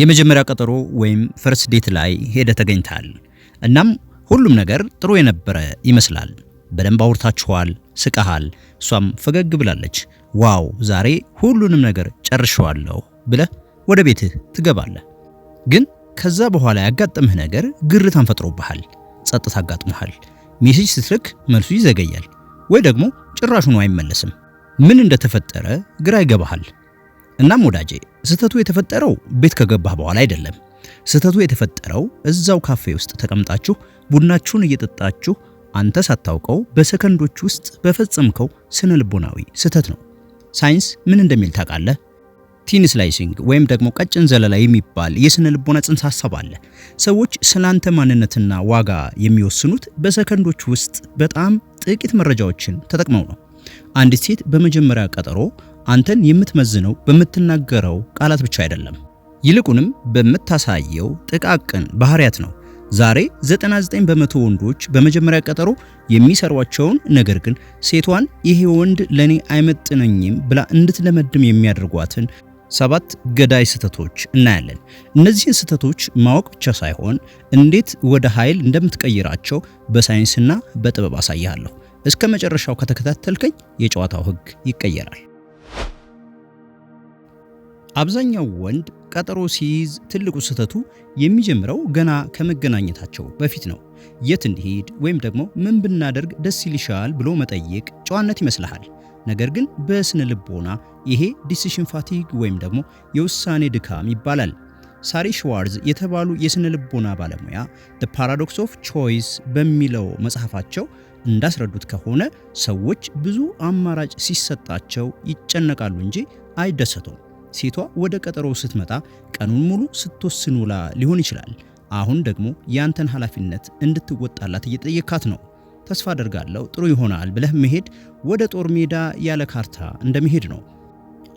የመጀመሪያ ቀጠሮ ወይም ፈርስት ዴት ላይ ሄደ ተገኝታል። እናም ሁሉም ነገር ጥሩ የነበረ ይመስላል። በደንብ አውርታችኋል፣ ስቀሃል፣ እሷም ፈገግ ብላለች። ዋው ዛሬ ሁሉንም ነገር ጨርሸዋለሁ ብለህ ወደ ቤትህ ትገባለህ። ግን ከዛ በኋላ ያጋጠምህ ነገር ግርታን ፈጥሮብሃል። ጸጥታ አጋጥሞሃል። ሜሴጅ ስትልክ መልሱ ይዘገያል ወይ ደግሞ ጭራሹኑ አይመለስም። ምን እንደተፈጠረ ግራ ይገባሃል። እናም ወዳጄ ስህተቱ የተፈጠረው ቤት ከገባህ በኋላ አይደለም። ስህተቱ የተፈጠረው እዛው ካፌ ውስጥ ተቀምጣችሁ ቡናችሁን እየጠጣችሁ አንተ ሳታውቀው በሰከንዶች ውስጥ በፈጸምከው ስነ ልቦናዊ ስህተት ነው። ሳይንስ ምን እንደሚል ታውቃለህ? ቲን ስላይሲንግ ወይም ደግሞ ቀጭን ዘለላ የሚባል የስነ ልቦና ጽንሰ ሀሳብ አለ። ሰዎች ስለአንተ ማንነትና ዋጋ የሚወስኑት በሰከንዶች ውስጥ በጣም ጥቂት መረጃዎችን ተጠቅመው ነው። አንዲት ሴት በመጀመሪያ ቀጠሮ አንተን የምትመዝነው በምትናገረው ቃላት ብቻ አይደለም፣ ይልቁንም በምታሳየው ጥቃቅን ባህሪያት ነው። ዛሬ 99 በመቶ ወንዶች በመጀመሪያ ቀጠሮ የሚሰሯቸውን ነገር ግን ሴቷን ይሄ ወንድ ለኔ አይመጥነኝም ብላ እንድትለመድም የሚያደርጓትን ሰባት ገዳይ ስህተቶች እናያለን። እነዚህን ስህተቶች ማወቅ ብቻ ሳይሆን እንዴት ወደ ኃይል እንደምትቀይራቸው በሳይንስና በጥበብ አሳያለሁ። እስከ መጨረሻው ከተከታተልከኝ የጨዋታው ህግ ይቀየራል። አብዛኛው ወንድ ቀጠሮ ሲይዝ ትልቁ ስህተቱ የሚጀምረው ገና ከመገናኘታቸው በፊት ነው። የት እንሂድ ወይም ደግሞ ምን ብናደርግ ደስ ይልሻል ብሎ መጠየቅ ጨዋነት ይመስልሃል። ነገር ግን በስነ ልቦና ይሄ ዲሲሽን ፋቲግ ወይም ደግሞ የውሳኔ ድካም ይባላል። ሳሪ ሽዋርዝ የተባሉ የስነ ልቦና ባለሙያ ዘ ፓራዶክስ ኦፍ ቾይስ በሚለው መጽሐፋቸው እንዳስረዱት ከሆነ ሰዎች ብዙ አማራጭ ሲሰጣቸው ይጨነቃሉ እንጂ አይደሰቱም። ሴቷ ወደ ቀጠሮ ስትመጣ ቀኑን ሙሉ ስትወስን ውላ ሊሆን ይችላል። አሁን ደግሞ ያንተን ኃላፊነት እንድትወጣላት እየጠየካት ነው። ተስፋ አደርጋለሁ ጥሩ ይሆናል ብለህ መሄድ ወደ ጦር ሜዳ ያለ ካርታ እንደመሄድ ነው።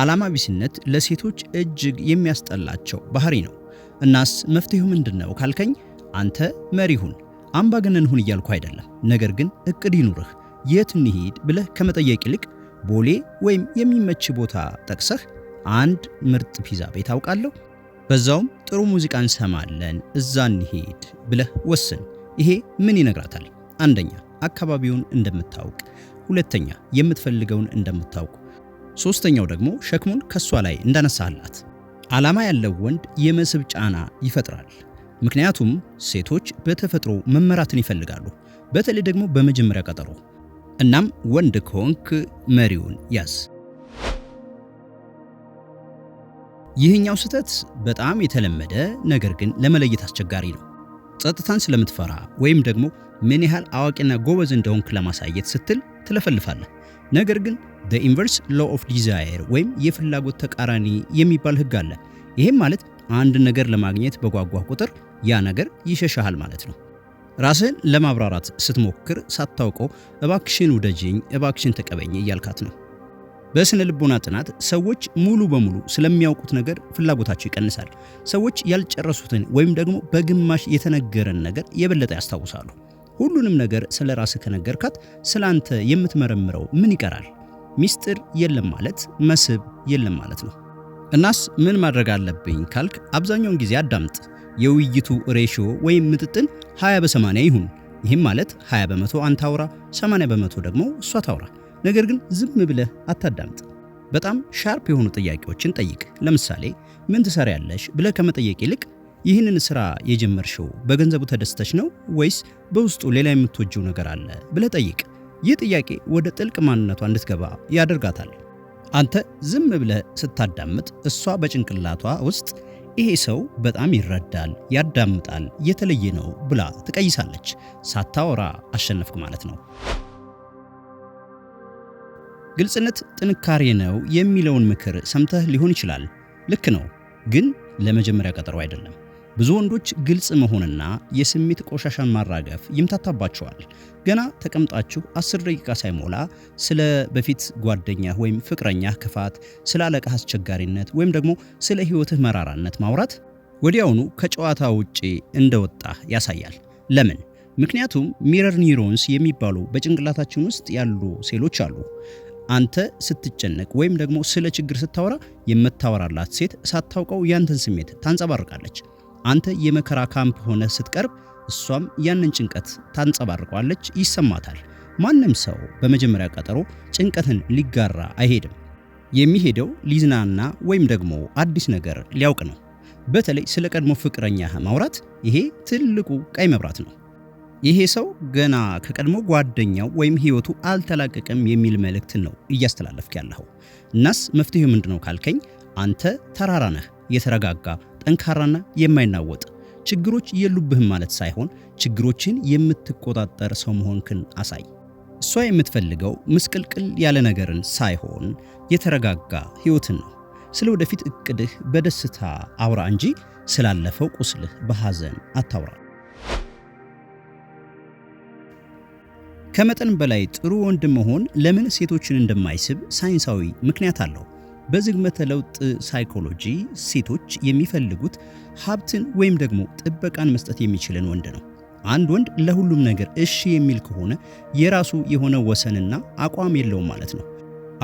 ዓላማ ቢስነት ለሴቶች እጅግ የሚያስጠላቸው ባህሪ ነው። እናስ መፍትሄው ምንድን ነው ካልከኝ፣ አንተ መሪ ሁን፣ አምባገነን ሁን እያልኩ አይደለም። ነገር ግን እቅድ ይኑርህ። የት እንሂድ ብለህ ከመጠየቅ ይልቅ ቦሌ ወይም የሚመች ቦታ ጠቅሰህ አንድ ምርጥ ፒዛ ቤት አውቃለሁ፣ በዛውም ጥሩ ሙዚቃ እንሰማለን፣ እዛ እንሄድ ብለህ ወስን። ይሄ ምን ይነግራታል? አንደኛ አካባቢውን እንደምታውቅ፣ ሁለተኛ የምትፈልገውን እንደምታውቅ፣ ሶስተኛው ደግሞ ሸክሙን ከሷ ላይ እንዳነሳላት። ዓላማ ያለው ወንድ የመስህብ ጫና ይፈጥራል። ምክንያቱም ሴቶች በተፈጥሮ መመራትን ይፈልጋሉ፣ በተለይ ደግሞ በመጀመሪያ ቀጠሮ። እናም ወንድ ከሆንክ መሪውን ያዝ። ይህኛው ስህተት በጣም የተለመደ ነገር ግን ለመለየት አስቸጋሪ ነው። ጸጥታን ስለምትፈራ ወይም ደግሞ ምን ያህል አዋቂና ጎበዝ እንደሆንክ ለማሳየት ስትል ትለፈልፋለህ። ነገር ግን ዘ ኢንቨርስ ሎ ኦፍ ዲዛየር ወይም የፍላጎት ተቃራኒ የሚባል ህግ አለ። ይህም ማለት አንድ ነገር ለማግኘት በጓጓ ቁጥር ያ ነገር ይሸሻሃል ማለት ነው። ራስህን ለማብራራት ስትሞክር ሳታውቀው እባክሽን ውደጅኝ፣ እባክሽን ተቀበኝ እያልካት ነው። በስነ ልቦና ጥናት ሰዎች ሙሉ በሙሉ ስለሚያውቁት ነገር ፍላጎታቸው ይቀንሳል። ሰዎች ያልጨረሱትን ወይም ደግሞ በግማሽ የተነገረን ነገር የበለጠ ያስታውሳሉ። ሁሉንም ነገር ስለ ራስህ ከነገርካት ስለ አንተ የምትመረምረው ምን ይቀራል? ሚስጥር የለም ማለት መስህብ የለም ማለት ነው። እናስ ምን ማድረግ አለብኝ ካልክ አብዛኛውን ጊዜ አዳምጥ። የውይይቱ ሬሽዮ ወይም ምጥጥን 20 በ80 ይሁን። ይህም ማለት 20 በመቶ አንተ አውራ፣ 80 በመቶ ደግሞ እሷ ታውራ። ነገር ግን ዝም ብለህ አታዳምጥ። በጣም ሻርፕ የሆኑ ጥያቄዎችን ጠይቅ። ለምሳሌ ምን ትሰሪያለሽ ብለህ ከመጠየቅ ይልቅ ይህንን ስራ የጀመርሽው በገንዘቡ ተደስተሽ ነው ወይስ በውስጡ ሌላ የምትወጂው ነገር አለ ብለህ ጠይቅ። ይህ ጥያቄ ወደ ጥልቅ ማንነቷ እንድትገባ ያደርጋታል። አንተ ዝም ብለህ ስታዳምጥ እሷ በጭንቅላቷ ውስጥ ይሄ ሰው በጣም ይረዳል፣ ያዳምጣል፣ የተለየ ነው ብላ ትቀይሳለች። ሳታወራ አሸነፍክ ማለት ነው። ግልጽነት ጥንካሬ ነው የሚለውን ምክር ሰምተህ ሊሆን ይችላል። ልክ ነው፣ ግን ለመጀመሪያ ቀጠሮ አይደለም። ብዙ ወንዶች ግልጽ መሆንና የስሜት ቆሻሻን ማራገፍ ይምታታባቸዋል። ገና ተቀምጣችሁ አስር ደቂቃ ሳይሞላ ስለ በፊት ጓደኛህ ወይም ፍቅረኛህ ክፋት፣ ስለ አለቃህ አስቸጋሪነት ወይም ደግሞ ስለ ሕይወትህ መራራነት ማውራት ወዲያውኑ ከጨዋታ ውጪ እንደወጣ ያሳያል። ለምን? ምክንያቱም ሚረር ኒውሮንስ የሚባሉ በጭንቅላታችን ውስጥ ያሉ ሴሎች አሉ። አንተ ስትጨነቅ ወይም ደግሞ ስለ ችግር ስታወራ የምታወራላት ሴት ሳታውቀው ያንተን ስሜት ታንጸባርቃለች። አንተ የመከራ ካምፕ ሆነ ስትቀርብ እሷም ያንን ጭንቀት ታንጸባርቋለች፣ ይሰማታል። ማንም ሰው በመጀመሪያ ቀጠሮ ጭንቀትን ሊጋራ አይሄድም። የሚሄደው ሊዝናና ወይም ደግሞ አዲስ ነገር ሊያውቅ ነው። በተለይ ስለ ቀድሞ ፍቅረኛ ማውራት ይሄ ትልቁ ቀይ መብራት ነው። ይሄ ሰው ገና ከቀድሞ ጓደኛው ወይም ህይወቱ አልተላቀቀም የሚል መልእክትን ነው እያስተላለፍክ ያለኸው። እናስ መፍትሄው ምንድነው ካልከኝ አንተ ተራራ ነህ፣ የተረጋጋ ጠንካራና የማይናወጥ ችግሮች የሉብህም ማለት ሳይሆን ችግሮችን የምትቆጣጠር ሰው መሆንክን አሳይ። እሷ የምትፈልገው ምስቅልቅል ያለ ነገርን ሳይሆን የተረጋጋ ህይወትን ነው። ስለ ወደፊት እቅድህ በደስታ አውራ እንጂ ስላለፈው ቁስልህ በሐዘን አታውራ። ከመጠን በላይ ጥሩ ወንድ መሆን ለምን ሴቶችን እንደማይስብ ሳይንሳዊ ምክንያት አለው። በዝግመተ ለውጥ ሳይኮሎጂ ሴቶች የሚፈልጉት ሀብትን ወይም ደግሞ ጥበቃን መስጠት የሚችልን ወንድ ነው። አንድ ወንድ ለሁሉም ነገር እሺ የሚል ከሆነ የራሱ የሆነ ወሰንና አቋም የለውም ማለት ነው።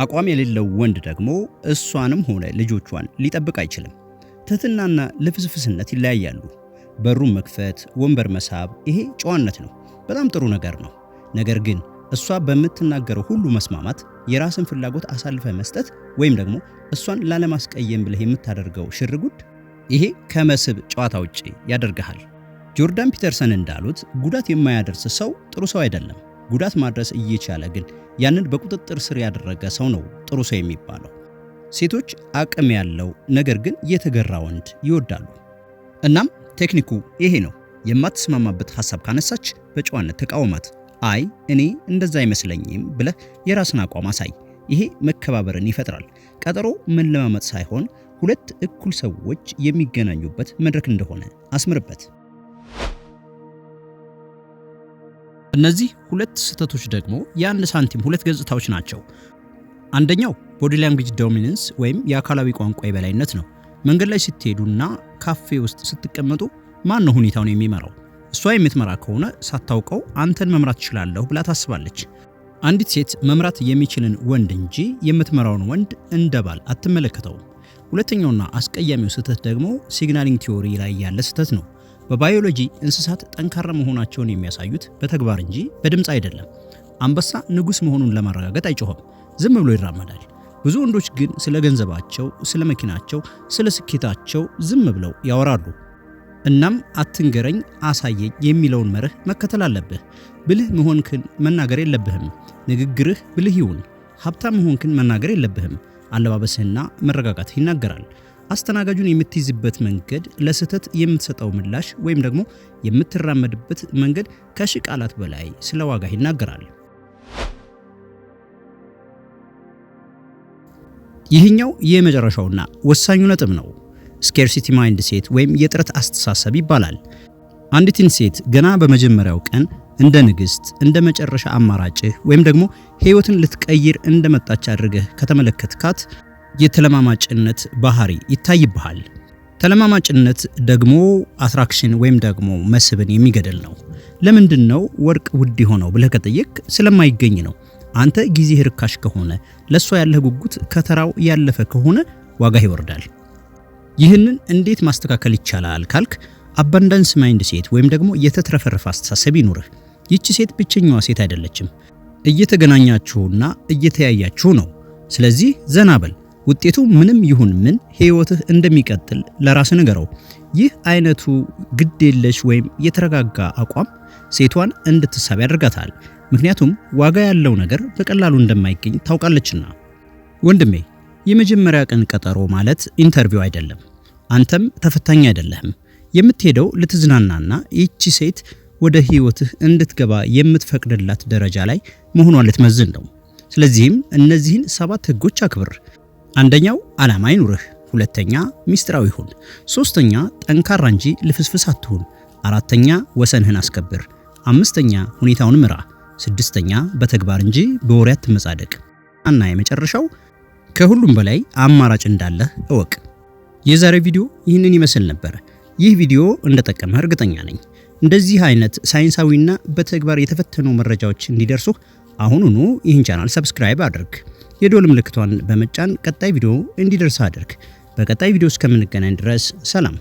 አቋም የሌለው ወንድ ደግሞ እሷንም ሆነ ልጆቿን ሊጠብቅ አይችልም። ትህትናና ልፍስፍስነት ይለያያሉ። በሩን መክፈት፣ ወንበር መሳብ፣ ይሄ ጨዋነት ነው። በጣም ጥሩ ነገር ነው። ነገር ግን እሷ በምትናገረው ሁሉ መስማማት የራስን ፍላጎት አሳልፈ መስጠት ወይም ደግሞ እሷን ላለማስቀየም ብለህ የምታደርገው ሽርጉድ ይሄ ከመስህብ ጨዋታ ውጪ ያደርግሃል። ጆርዳን ፒተርሰን እንዳሉት ጉዳት የማያደርስ ሰው ጥሩ ሰው አይደለም። ጉዳት ማድረስ እየቻለ ግን ያንን በቁጥጥር ስር ያደረገ ሰው ነው ጥሩ ሰው የሚባለው። ሴቶች አቅም ያለው ነገር ግን የተገራ ወንድ ይወዳሉ። እናም ቴክኒኩ ይሄ ነው። የማትስማማበት ሐሳብ ካነሳች በጨዋነት ተቃውማት። አይ እኔ እንደዛ አይመስለኝም ብለህ የራስን አቋም አሳይ። ይሄ መከባበርን ይፈጥራል። ቀጠሮ መለማመጥ ሳይሆን ሁለት እኩል ሰዎች የሚገናኙበት መድረክ እንደሆነ አስምርበት። እነዚህ ሁለት ስህተቶች ደግሞ የአንድ ሳንቲም ሁለት ገጽታዎች ናቸው። አንደኛው ቦዲ ላንግጅ ዶሚነንስ ወይም የአካላዊ ቋንቋ የበላይነት ነው። መንገድ ላይ ስትሄዱና ካፌ ውስጥ ስትቀመጡ ማን ነው ሁኔታውን የሚመራው? እሷ የምትመራ ከሆነ ሳታውቀው አንተን መምራት እችላለሁ ብላ ታስባለች። አንዲት ሴት መምራት የሚችልን ወንድ እንጂ የምትመራውን ወንድ እንደ ባል አትመለከተውም። ሁለተኛውና አስቀያሚው ስህተት ደግሞ ሲግናሊንግ ቲዎሪ ላይ ያለ ስህተት ነው። በባዮሎጂ እንስሳት ጠንካራ መሆናቸውን የሚያሳዩት በተግባር እንጂ በድምፅ አይደለም። አንበሳ ንጉሥ መሆኑን ለማረጋገጥ አይጮኸም፣ ዝም ብሎ ይራመዳል። ብዙ ወንዶች ግን ስለ ገንዘባቸው፣ ስለ መኪናቸው፣ ስለ ስኬታቸው ዝም ብለው ያወራሉ። እናም አትንገረኝ አሳየኝ የሚለውን መርህ መከተል አለብህ። ብልህ መሆንክን መናገር የለብህም። ንግግርህ ብልህ ይሁን። ሀብታም መሆንክን መናገር የለብህም። አለባበስህና መረጋጋትህ ይናገራል። አስተናጋጁን የምትይዝበት መንገድ፣ ለስህተት የምትሰጠው ምላሽ ወይም ደግሞ የምትራመድበት መንገድ ከሺ ቃላት በላይ ስለ ዋጋህ ይናገራል። ይህኛው የመጨረሻውና ወሳኙ ነጥብ ነው። ስኬርሲቲ ማይንድ ሴት ወይም የጥረት አስተሳሰብ ይባላል። አንዲትን ሴት ገና በመጀመሪያው ቀን እንደ ንግስት እንደ መጨረሻ አማራጭህ ወይም ደግሞ ህይወትን ልትቀይር እንደመጣች አድርገህ ከተመለከትካት የተለማማጭነት ባህሪ ይታይብሃል። ተለማማጭነት ደግሞ አትራክሽን ወይም ደግሞ መስህብን የሚገድል ነው። ለምንድን ነው ወርቅ ውድ የሆነው ብለህ ከጠየቅ ስለማይገኝ ነው። አንተ ጊዜህ ርካሽ ከሆነ፣ ለእሷ ያለህ ጉጉት ከተራው ያለፈ ከሆነ ዋጋህ ይወርዳል። ይህንን እንዴት ማስተካከል ይቻላል ካልክ አባንዳንስ ማይንድ ሴት ወይም ደግሞ የተትረፈረፈ አስተሳሰብ ይኑርህ። ይቺ ሴት ብቸኛዋ ሴት አይደለችም። እየተገናኛችሁና እየተያያችሁ ነው። ስለዚህ ዘና በል። ውጤቱ ምንም ይሁን ምን ህይወትህ እንደሚቀጥል ለራስ ንገረው። ይህ አይነቱ ግዴለሽ ወይም የተረጋጋ አቋም ሴቷን እንድትሳብ ያደርጋታል። ምክንያቱም ዋጋ ያለው ነገር በቀላሉ እንደማይገኝ ታውቃለችና። ወንድሜ የመጀመሪያ ቀን ቀጠሮ ማለት ኢንተርቪው አይደለም። አንተም ተፈታኝ አይደለህም። የምትሄደው ልትዝናናና ይቺ ሴት ወደ ህይወትህ እንድትገባ የምትፈቅድላት ደረጃ ላይ መሆኗን ልትመዝን ነው። ስለዚህም እነዚህን ሰባት ህጎች አክብር። አንደኛው ዓላማ ይኑርህ። ሁለተኛ ሚስጥራዊ ሁን። ሶስተኛ ጠንካራ እንጂ ልፍስፍስ አትሁን። አራተኛ ወሰንህን አስከብር። አምስተኛ ሁኔታውን ምራ። ስድስተኛ በተግባር እንጂ በወሬ አትመጻደቅ እና የመጨረሻው ከሁሉም በላይ አማራጭ እንዳለህ እወቅ። የዛሬ ቪዲዮ ይህንን ይመስል ነበር። ይህ ቪዲዮ እንደጠቀመህ እርግጠኛ ነኝ። እንደዚህ አይነት ሳይንሳዊና በተግባር የተፈተኑ መረጃዎች እንዲደርሱ አሁኑኑ ይህን ቻናል ሰብስክራይብ አድርግ፣ የዶል ምልክቷን በመጫን ቀጣይ ቪዲዮ እንዲደርስ አድርግ። በቀጣይ ቪዲዮ እስከምንገናኝ ድረስ ሰላም።